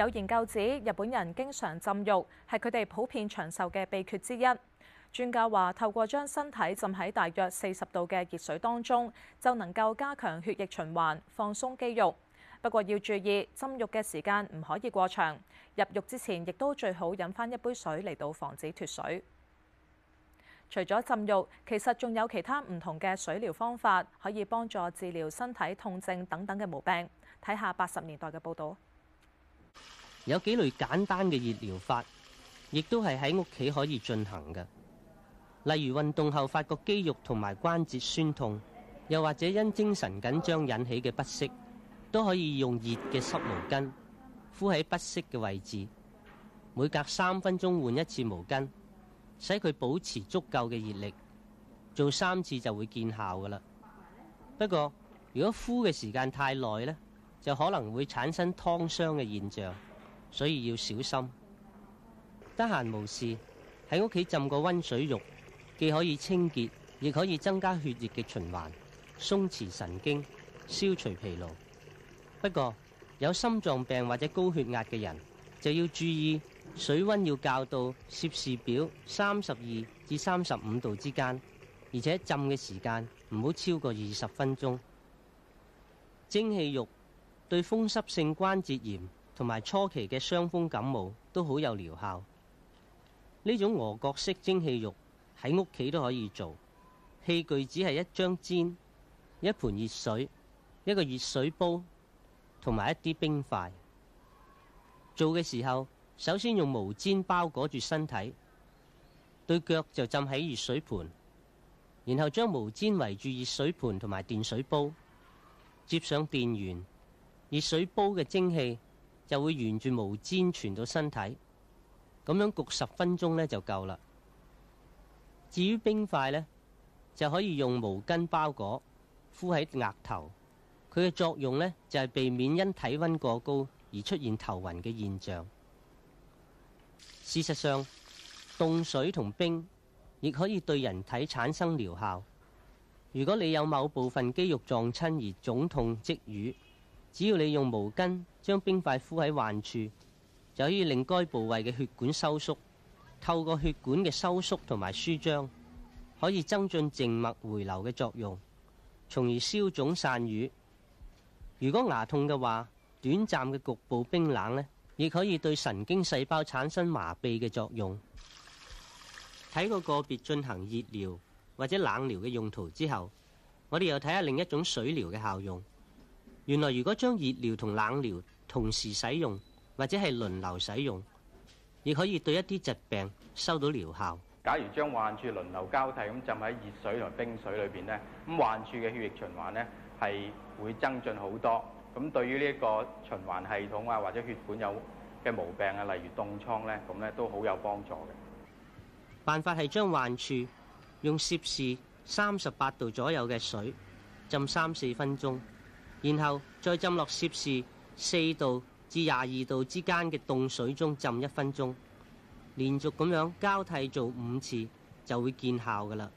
有研究指日本人經常浸浴係佢哋普遍長壽嘅秘訣之一。專家話透過將身體浸喺大約四十度嘅熱水當中，就能夠加強血液循環、放鬆肌肉。不過要注意，浸浴嘅時間唔可以過長。入浴之前，亦都最好飲返一杯水嚟到防止脫水。除咗浸浴，其實仲有其他唔同嘅水療方法，可以幫助治療身體痛症等等嘅毛病。睇下八十年代嘅報道。有幾類簡單嘅熱療法，亦都係喺屋企可以進行嘅。例如運動後發覺肌肉同埋關節酸痛，又或者因精神緊張引起嘅不適，都可以用熱嘅濕毛巾敷喺不適嘅位置，每隔三分鐘換一次毛巾，使佢保持足夠嘅熱力。做三次就會見效噶啦。不過如果敷嘅時間太耐咧，就可能會產生燙傷嘅現象。所以要小心。得閒無事喺屋企浸個温水浴，既可以清潔，亦可以增加血液嘅循環，鬆弛神經，消除疲勞。不過，有心臟病或者高血壓嘅人就要注意，水温要較到攝氏表三十二至三十五度之間，而且浸嘅時間唔好超過二十分鐘。蒸氣浴對風濕性關節炎，同埋初期嘅傷風感冒都好有療效。呢種俄國式蒸汽浴喺屋企都可以做，器具只係一張氈、一盆熱水、一個熱水煲同埋一啲冰塊。做嘅時候，首先用毛氈包裹住身體，對腳就浸喺熱水盆，然後將毛氈圍住熱水盆同埋電水煲，接上電源，熱水煲嘅蒸汽，就會沿住毛巾傳到身體，咁樣焗十分鐘呢就夠啦。至於冰塊呢，就可以用毛巾包裹敷喺額頭，佢嘅作用呢，就係避免因體温過高而出現頭暈嘅現象。事實上，凍水同冰亦可以對人體產生療效。如果你有某部分肌肉撞親而腫痛積瘀，只要你用毛巾將冰塊敷喺患處，就可以令該部位嘅血管收縮，透過血管嘅收縮同埋舒張，可以增進靜脈回流嘅作用，從而消腫散瘀。如果牙痛嘅話，短暫嘅局部冰冷呢，亦可以對神經細胞產生麻痹嘅作用。睇過個別進行熱療或者冷療嘅用途之後，我哋又睇下另一種水療嘅效用。原來如果將熱療同冷療同時使用，或者係輪流使用，亦可以對一啲疾病收到療效。假如將患處輪流交替咁浸喺熱水同冰水裏面，呢咁患處嘅血液循環呢係會增進好多。咁對於呢一個循環系統啊，或者血管有嘅毛病啊，例如凍瘡呢咁呢，都好有幫助嘅。辦法係將患處用攝氏三十八度左右嘅水浸三四分鐘。然後再浸落攝氏四度至廿二度之間嘅凍水中浸一分鐘，連續噉樣交替做五次，就會見效㗎喇。